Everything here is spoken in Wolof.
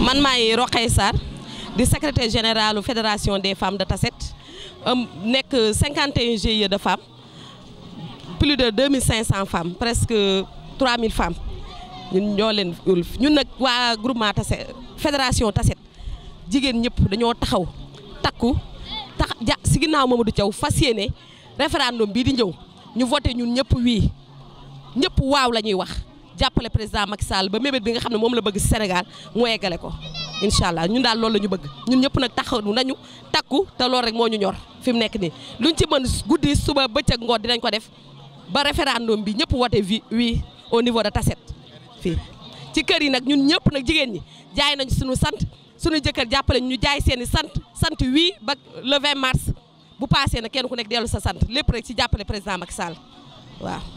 man maay Roqay Sarr di secrétaire généralu fédération des femmes de Tasset nekk 51 GIE de femmes plus de 2500 femmes presque 3000 femmes ñun ñoo leen ñun nag waa groupement Tasset fédération Tasset jigéen ñëpp dañoo taxaw takku tax ja si ginnaaw Mamadou caw fas yéene référendum bii di njëw ñu voté ñun ñëpp wii ñëpp waaw la ñuy wax. jàppale président Macky Sall ba mébét bi nga xam ne moom la bëgg Sénégal mu eggale ko incha allah ñun daal lool la ñu bëgg ñun ñëpp nag taxaw nañu takku te loolu rek moo ñu ñor fi mu nekk nii luñ ci mën guddi suba bëccëg ngoon dinañ ko def ba référendum bi ñëpp wote vi oui au niveau de taset fii ci kër yi nag ñun ñëpp nag jigéen ñi jaay nañ suñu sant suñu jëkkër jàppale ñu jaay seen i sant sant oui ba le 20 mars bu paasee na kenn ku nekk dellu sa sant lépp rek ci jàppale président Macky Sall waaw